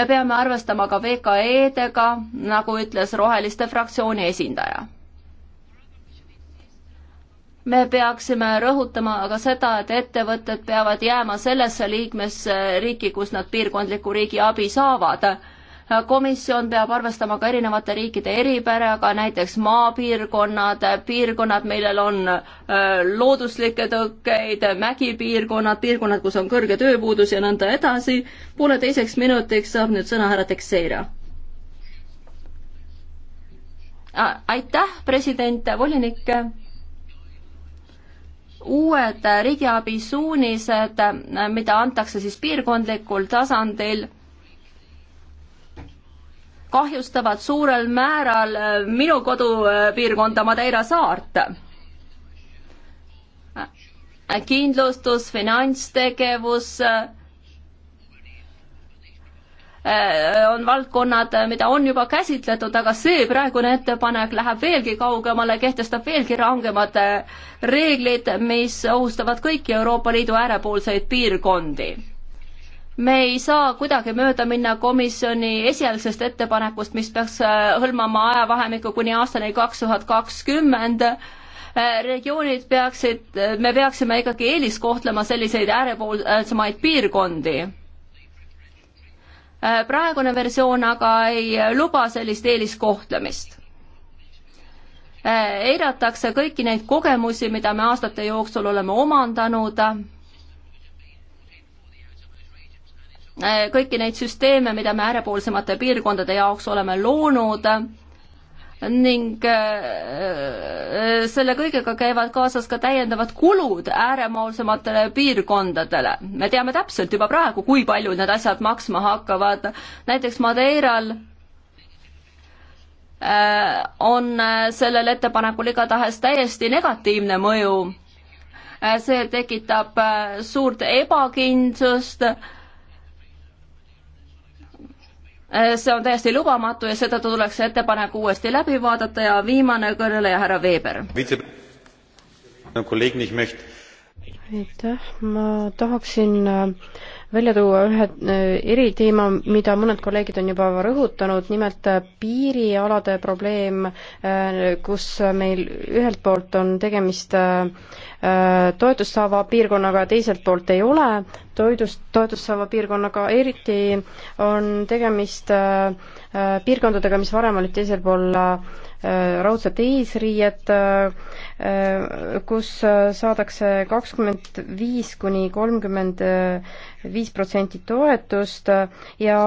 me peame arvestama ka VKE-dega, nagu ütles Roheliste fraktsiooni esindaja. me peaksime rõhutama aga seda, et ettevõtted peavad jääma sellesse liikmesriiki, kus nad piirkondliku riigi abi saavad komisjon peab arvestama ka erinevate riikide eripäraga, näiteks maapiirkonnad, piirkonnad, millel on äh, looduslikke tõkkeid, mägipiirkonnad, piirkonnad, kus on kõrge tööpuudus ja nõnda edasi. pooleteiseks minutiks saab nüüd sõna härra Tekseira. aitäh, president, volinik uued riigiabi suunised, äh, mida antakse siis piirkondlikul tasandil kahjustavad suurel määral äh, minu kodupiirkonda Madeira saart. kindlustus, finantstegevus äh, on valdkonnad, mida on juba käsitletud, aga see praegune ettepanek läheb veelgi kaugemale, kehtestab veelgi rangemad äh, reeglid, mis ohustavad kõiki Euroopa Liidu äärepoolseid piirkondi me ei saa kuidagi mööda minna komisjoni esialgsest ettepanekust, mis peaks äh, hõlmama ajavahemikku kuni aastani kaks tuhat kakskümmend. Äh, regioonid peaksid, äh, me peaksime ikkagi eeliskohtlema selliseid äärepoolsemaid piirkondi. praegune versioon aga ei luba sellist eeliskohtlemist eiratakse kõiki neid kogemusi, mida me aastate jooksul oleme omandanud Äh, kõiki neid süsteeme, mida me äärepoolsemate piirkondade jaoks oleme loonud ning äh, selle kõigega käivad kaasas ka täiendavad kulud ääremaalsematele piirkondadele. me teame täpselt juba praegu, kui palju need asjad maksma hakkavad. näiteks Madeiral äh, on sellel ettepanekul igatahes täiesti negatiivne mõju. see tekitab suurt ebakindlust Äh, see on täiesti lubamatu ja seetõttu tuleks see ettepanek uuesti läbi vaadata ja viimane kõneleja, härra Weber. aitäh, ma tahaksin äh, välja tuua ühe äh, eriteema, mida mõned kolleegid on juba rõhutanud, nimelt äh, piirialade probleem, äh, kus meil ühelt poolt on tegemist toetust saava piirkonnaga ja teiselt poolt ei ole toidust, toetust saava piirkonnaga, eriti on tegemist piirkondadega, mis varem olid teisel pool äh, Äh, raudset eesriiet, äh, kus saadakse kakskümmend viis kuni kolmkümmend viis protsenti toetust ja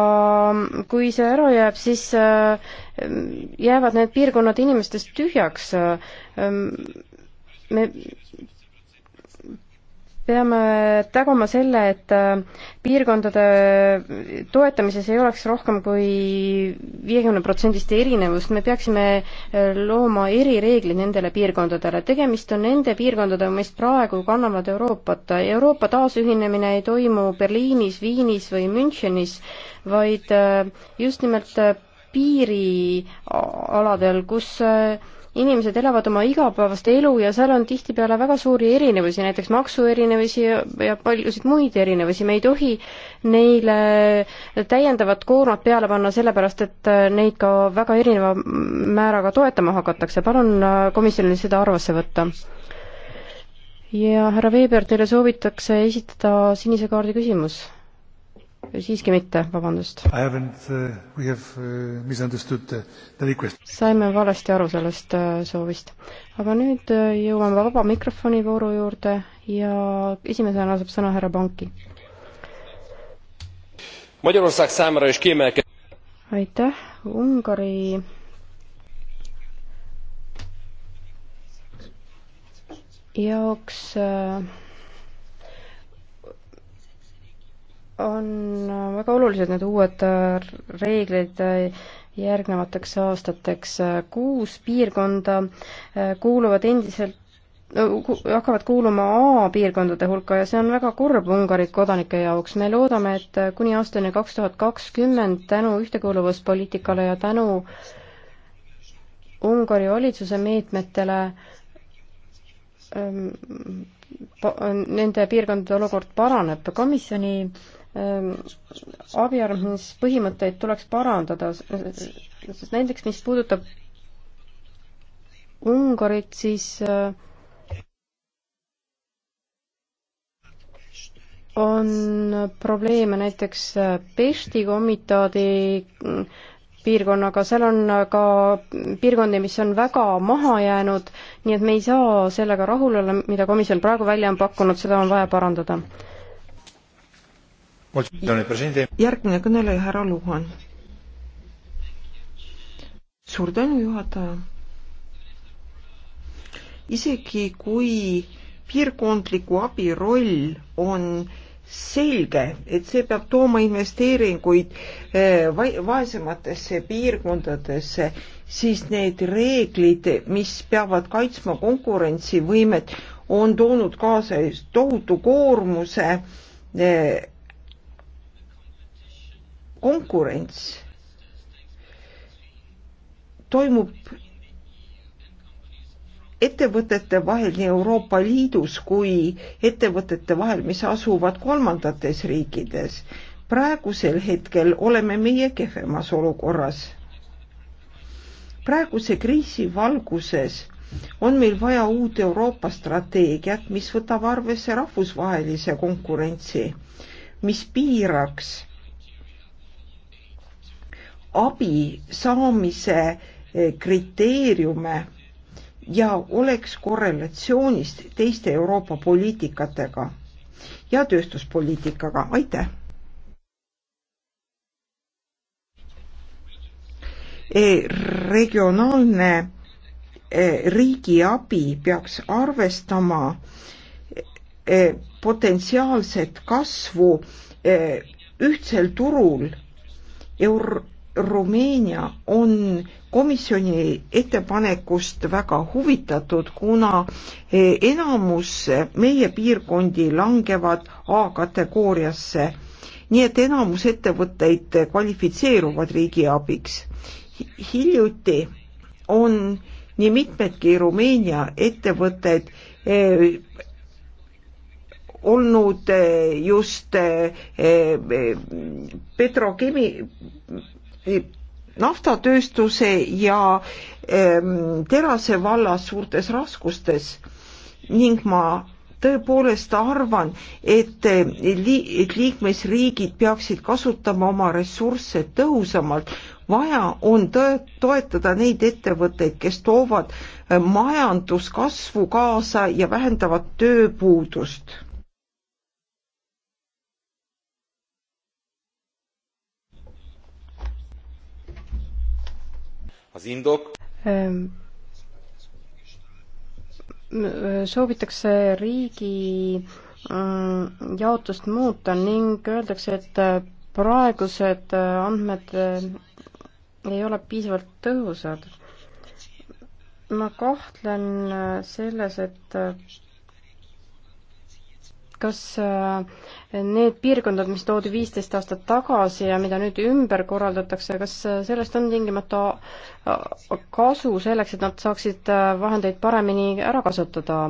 kui see ära jääb, siis äh, jäävad need piirkonnad inimestest tühjaks. Ähm, me peame tagama selle, et äh, piirkondade äh, toetamises ei oleks rohkem kui viiekümneprotsendist erinevust, me peaksime äh, looma erireeglid nendele piirkondadele, tegemist on nende piirkondadega, mis praegu kannavad Euroopat. Euroopa taasühinemine ei toimu Berliinis, Viinis või Münchenis, vaid just nimelt piirialadel, kus inimesed elavad oma igapäevast elu ja seal on tihtipeale väga suuri erinevusi, näiteks maksuerinevusi ja, ja paljusid muid erinevusi, me ei tohi neile täiendavat koormat peale panna, sellepärast et äh, neid ka väga erineva määraga toetama hakatakse, palun äh, komisjonil seda arvesse võtta. ja härra Veeber, teile soovitakse esitada sinise kaardi küsimus siiski mitte, vabandust. Uh, uh, saime valesti aru sellest äh, soovist. aga nüüd äh, jõuame vaba mikrofoni vooru juurde ja esimesena saab sõna härra Panki. aitäh, Ungari jaoks äh, on väga olulised need uued äh, reeglid äh, järgnevateks aastateks. kuus piirkonda äh, kuuluvad endiselt hakkavad kuuluma A-piirkondade hulka ja see on väga kurb Ungari kodanike jaoks. me loodame, et kuni aastani kaks tuhat kakskümmend tänu ühtekuuluvuspoliitikale ja tänu Ungari valitsuse meetmetele ähm, nende piirkondade olukord paraneb. komisjoni Ehm, abiarvamispõhimõtteid tuleks parandada, sest näiteks mis puudutab Ungarit, siis äh, on probleeme näiteks äh, Pešti komitaadi mm, piirkonnaga, seal on ka piirkondi, mis on väga maha jäänud, nii et me ei saa sellega rahul olla, mida komisjon praegu välja on pakkunud, seda on vaja parandada järgmine kõneleja, härra Luhan. suur tänu, juhataja. isegi kui piirkondliku abi roll on selge, et see peab tooma investeeringuid e, vaesematesse piirkondadesse, siis need reeglid, mis peavad kaitsma konkurentsivõimet, on toonud kaasa tohutu koormuse e, konkurents toimub ettevõtete vahel nii Euroopa Liidus kui ettevõtete vahel, mis asuvad kolmandates riikides. praegusel hetkel oleme meie kehvemas olukorras. praeguse kriisi valguses on meil vaja uut Euroopa strateegiat, mis võtab arvesse rahvusvahelise konkurentsi, mis piiraks abi saamise eh, kriteeriume ja oleks korrelatsioonist teiste Euroopa poliitikatega ja tööstuspoliitikaga. aitäh! Eh, regionaalne eh, riigiabi peaks arvestama potentsiaalset kasvu ühtsel turul Euro Rumeenia on komisjoni ettepanekust väga huvitatud, kuna eh, enamus meie piirkondi langevad A-kategooriasse, nii et enamus ettevõtteid kvalifitseeruvad riigiabiks. hiljuti on nii mitmedki Rumeenia ettevõtted eh, olnud eh, just petrokemi-, naftatööstuse ja ehm, terase vallas suurtes raskustes ning ma tõepoolest arvan, et eh, liikmesriigid peaksid kasutama oma ressursse tõhusamalt. vaja on toetada neid ettevõtteid, kes toovad eh, majanduskasvu kaasa ja vähendavad tööpuudust Az indok soovitakse riigi mm, jaotust muuta ning öeldakse, et äh, praegused äh, andmed äh, ei ole piisavalt tõhusad. ma kahtlen selles, et kas äh, need piirkondad, mis toodi viisteist aastat tagasi ja mida nüüd ümber korraldatakse, kas äh, sellest on tingimata äh, kasu selleks, et nad saaksid vahendeid paremini ära kasutada?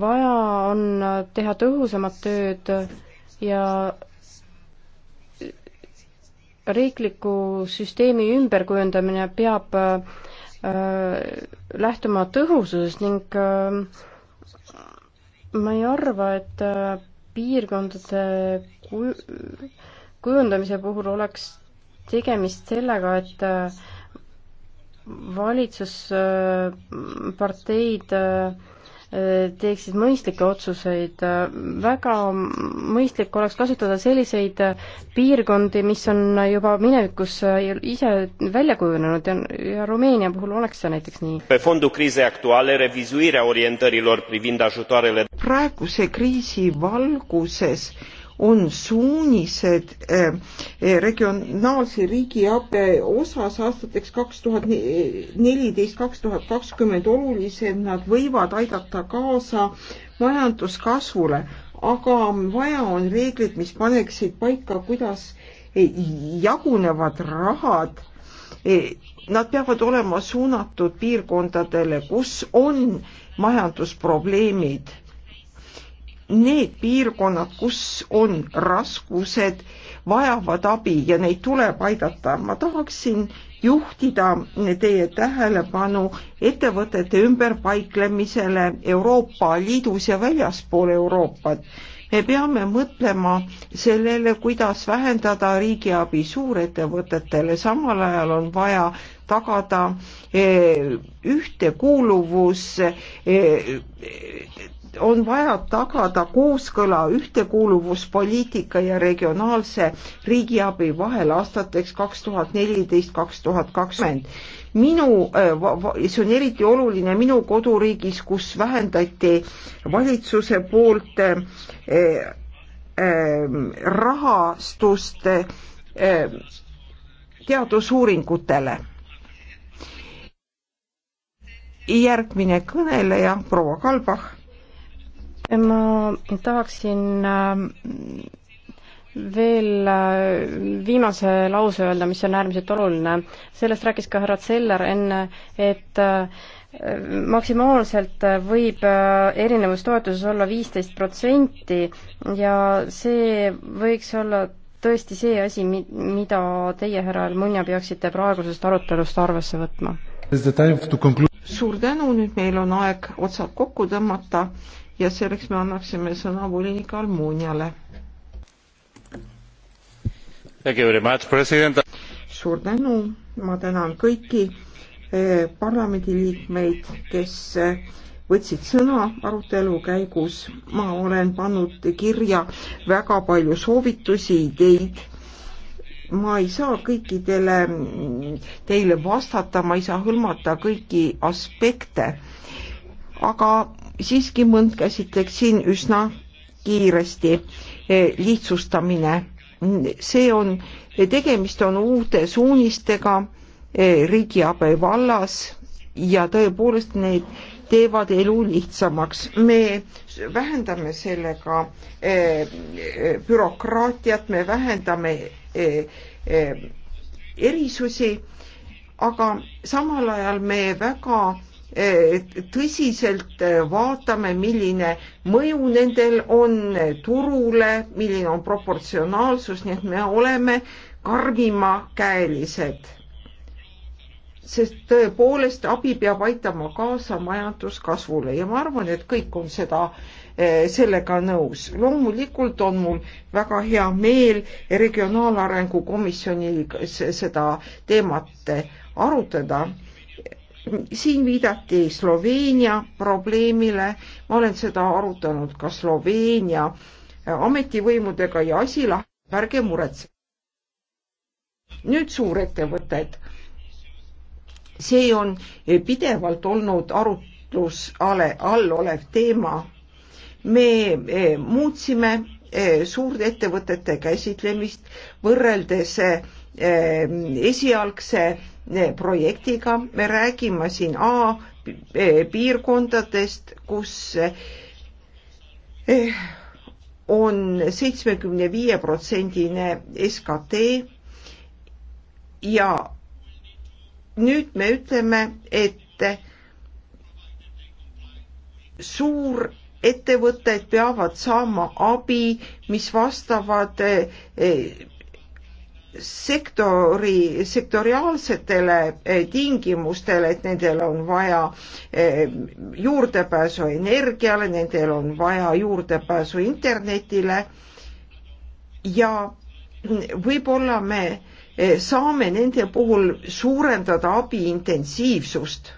vaja on teha tõhusamat tööd ja riikliku süsteemi ümberkujundamine peab lähtuma tõhususest ning äh, ma ei arva, et äh, piirkondade kuju-, kujundamise puhul oleks tegemist sellega, et valitsusparteid äh, äh, äh teeksid mõistlikke otsuseid. väga mõistlik oleks kasutada selliseid piirkondi, mis on juba minevikus ise välja kujunenud ja, ja Rumeenia puhul oleks see näiteks nii. praeguse kriisi valguses on suunised äh, äh, regionaalse riigiabi osas aastateks kaks tuhat neliteist, kaks tuhat kakskümmend olulised, nad võivad aidata kaasa majanduskasvule, aga vaja on reeglid, mis paneksid paika, kuidas äh, jagunevad rahad nad peavad olema suunatud piirkondadele, kus on majandusprobleemid need piirkonnad, kus on raskused, vajavad abi ja neid tuleb aidata. ma tahaksin juhtida teie tähelepanu ettevõtete ümberpaiklemisele Euroopa Liidus ja väljaspool Euroopat. me peame mõtlema sellele, kuidas vähendada riigiabi suurettevõtetele, samal ajal on vaja tagada eh, ühtekuuluvus eh, on vaja tagada kooskõla ühtekuuluvuspoliitika ja regionaalse riigiabi vahel aastateks kaks tuhat neliteist, kaks tuhat kakskümmend. minu, äh, see on eriti oluline minu koduriigis, kus vähendati valitsuse poolt äh, äh, rahastust äh, teadusuuringutele järgmine kõneleja, proua Kalbach ma tahaksin äh, veel äh, viimase lause öelda, mis on äärmiselt oluline. sellest rääkis ka härra Zeller enne, et äh, maksimaalselt võib erinevus toetuses olla viisteist protsenti ja see võiks olla tõesti see asi, mida teie, härra Almunia, peaksite praegusest arutelust arvesse võtma. suur tänu, nüüd meil on aeg otsad kokku tõmmata ja selleks me annaksime sõna volinik Almuniale. suur tänu, ma tänan kõiki eh, parlamendiliikmeid, kes eh, võtsid sõna arutelu käigus. ma olen pannud kirja väga palju soovitusi, ideid. ma ei saa kõikidele teile vastata, ma ei saa hõlmata kõiki aspekte, aga siiski mõnd käsitleksin üsna kiiresti eh, lihtsustamine. see on, tegemist on uute suunistega eh, riigiabi vallas ja tõepoolest need teevad elu lihtsamaks. me vähendame sellega eh, bürokraatiat, me vähendame erisusi, aga samal ajal me väga Eh, tõsiselt eh, vaatame, milline mõju nendel on eh, turule, milline on proportsionaalsus, nii et me oleme karmimakäelised. sest tõepoolest abi peab aitama kaasa majanduskasvule ja ma arvan, et kõik on seda sellega nõus. loomulikult on mul väga hea meel Regionaalarengu Komisjonis seda teemat arutada siin viidati Sloveenia probleemile, ma olen seda arutanud ka Sloveenia äh, ametivõimudega ja asi läheb, ärge muretsege. nüüd suurettevõtted. see on äh, pidevalt olnud arutlusale all olev teema. me äh, muutsime suurettevõtete käsitlemist võrreldes esialgse projektiga, me räägime siin A eh, piirkondadest, kus eh, on seitsmekümne viie protsendine SKT ja nüüd me ütleme, et suurettevõtted peavad saama abi, mis vastavad eh, sektori, sektoriaalsetele eh, tingimustele, et nendel on vaja eh, juurdepääsu energiale, nendel on vaja juurdepääsu internetile ja võib-olla me eh, saame nende puhul suurendada abi intensiivsust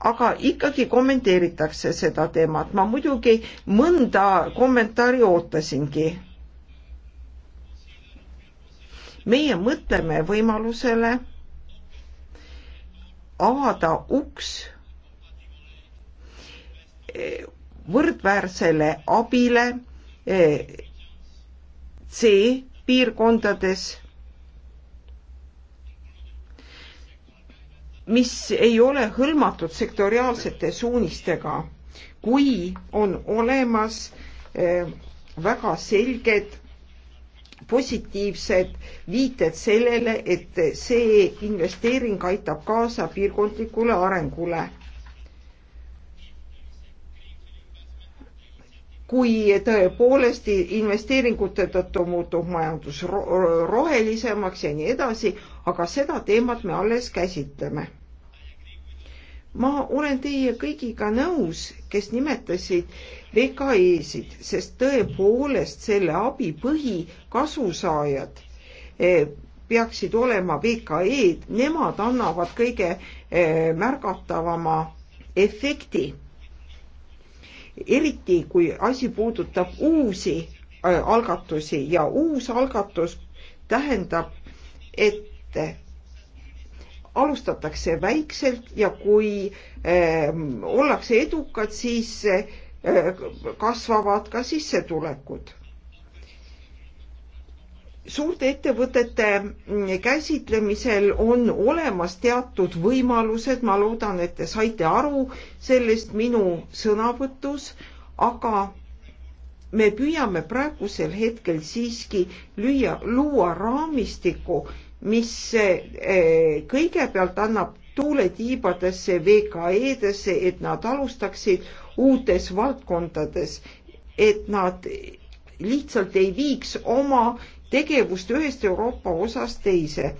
aga ikkagi kommenteeritakse seda teemat. ma muidugi mõnda kommentaari ootasingi. meie mõtleme võimalusele avada uks e, võrdväärsele abile e, C piirkondades mis ei ole hõlmatud sektoriaalsete suunistega, kui on olemas eh, väga selged positiivsed viited sellele, et see investeering aitab kaasa piirkondlikule arengule. kui tõepoolest investeeringute tõttu muutub majandus rohelisemaks ja nii edasi, aga seda teemat me alles käsitleme ma olen teie kõigiga nõus, kes nimetasid VKE-sid, sest tõepoolest selle abi põhikasusaajad eh, peaksid olema VKE-d, nemad annavad kõige eh, märgatavama efekti. eriti kui asi puudutab uusi eh, algatusi ja uus algatus tähendab, et alustatakse väikselt ja kui äh, ollakse edukad, siis äh, kasvavad ka sissetulekud. suurte ettevõtete mm, käsitlemisel on olemas teatud võimalused, ma loodan, et te saite aru sellest minu sõnavõtus, aga me püüame praegusel hetkel siiski lüüa, luua raamistiku, mis eh, kõigepealt annab tuule tiibadesse VKE-desse, et nad alustaksid uutes valdkondades, et nad lihtsalt ei viiks oma tegevust ühest Euroopa osast teise.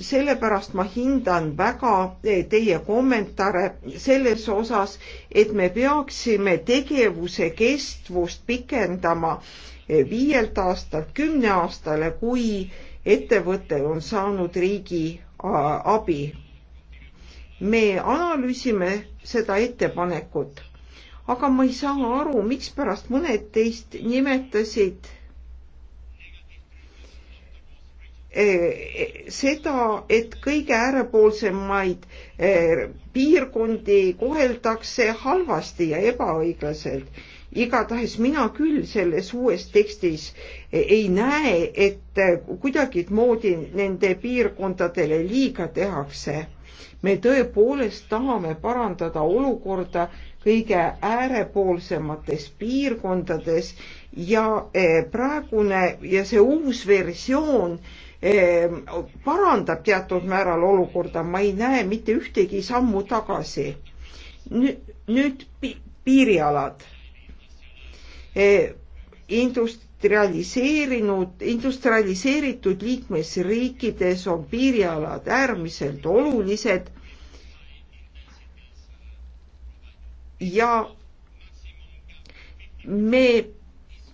sellepärast ma hindan väga eh, teie kommentaare selles osas, et me peaksime tegevuse kestvust pikendama eh, viielt aastalt kümne aastale, kui ettevõte on saanud riigi äh, abi. me analüüsime seda ettepanekut, aga ma ei saa aru, mikspärast mõned teist nimetasid äh, seda, et kõige äärepoolsemaid äh, piirkondi koheldakse halvasti ja ebaõiglaselt igatahes mina küll selles uues tekstis eh, ei näe, et eh, kuidagimoodi nende piirkondadele liiga tehakse. me tõepoolest tahame parandada olukorda kõige äärepoolsemates piirkondades ja eh, praegune ja see uus versioon parandab teatud määral olukorda, ma ei näe mitte ühtegi sammu tagasi. nüüd piirialad E, industrialiseerinud, industrialiseeritud liikmesriikides on piirialad äärmiselt olulised ja me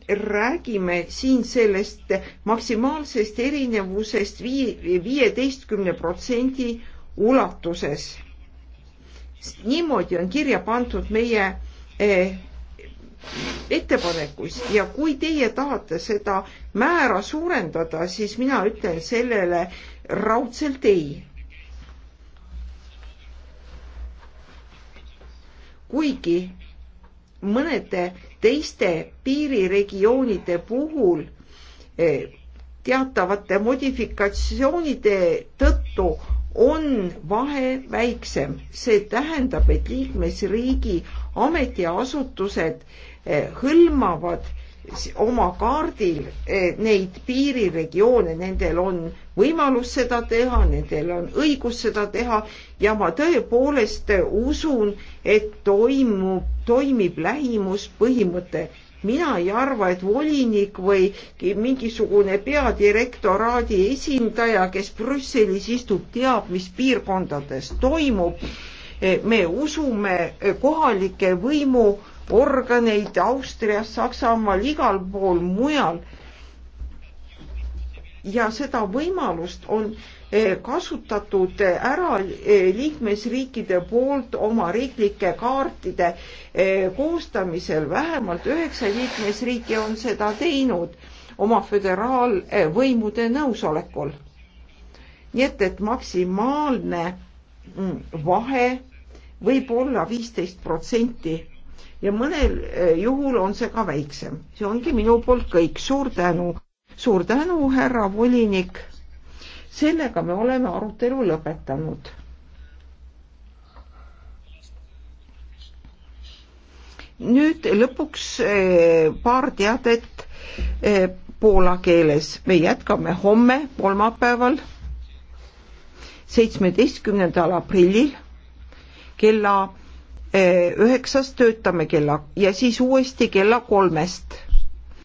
räägime siin sellest maksimaalsest erinevusest viie, viieteistkümne protsendi ulatuses. niimoodi on kirja pandud meie eh, ettepanekust ja kui teie tahate seda määra suurendada, siis mina ütlen sellele raudselt ei. kuigi mõnede teiste piiriregioonide puhul eh, teatavate modifikatsioonide tõttu on vahe väiksem, see tähendab, et liikmesriigi ametiasutused Eh, hõlmavad oma kaardil eh, neid piiriregioone, nendel on võimalus seda teha, nendel on õigus seda teha ja ma tõepoolest usun, et toimub, toimib lähimuspõhimõte. mina ei arva, et volinik või mingisugune peadirektoraadi esindaja, kes Brüsselis istub, teab, mis piirkondades toimub. Eh, me usume kohalike võimu organeid Austrias, Saksamaal, igal pool mujal. ja seda võimalust on eh, kasutatud eh, ära eh, liikmesriikide poolt oma riiklike kaartide koostamisel, vähemalt üheksa liikmesriiki on seda teinud oma föderaalvõimude nõusolekul. nii et, et maksimaalne mm, vahe võib olla viisteist protsenti ja mõnel eh, juhul on see ka väiksem. see ongi minu poolt kõik, suur tänu. suur tänu, härra volinik. sellega me oleme arutelu lõpetanud. nüüd lõpuks eh, paar teadet eh, poola keeles. me jätkame homme, kolmapäeval, seitsmeteistkümnendal aprillil kella üheksast töötame kella ja siis uuesti kella kolmest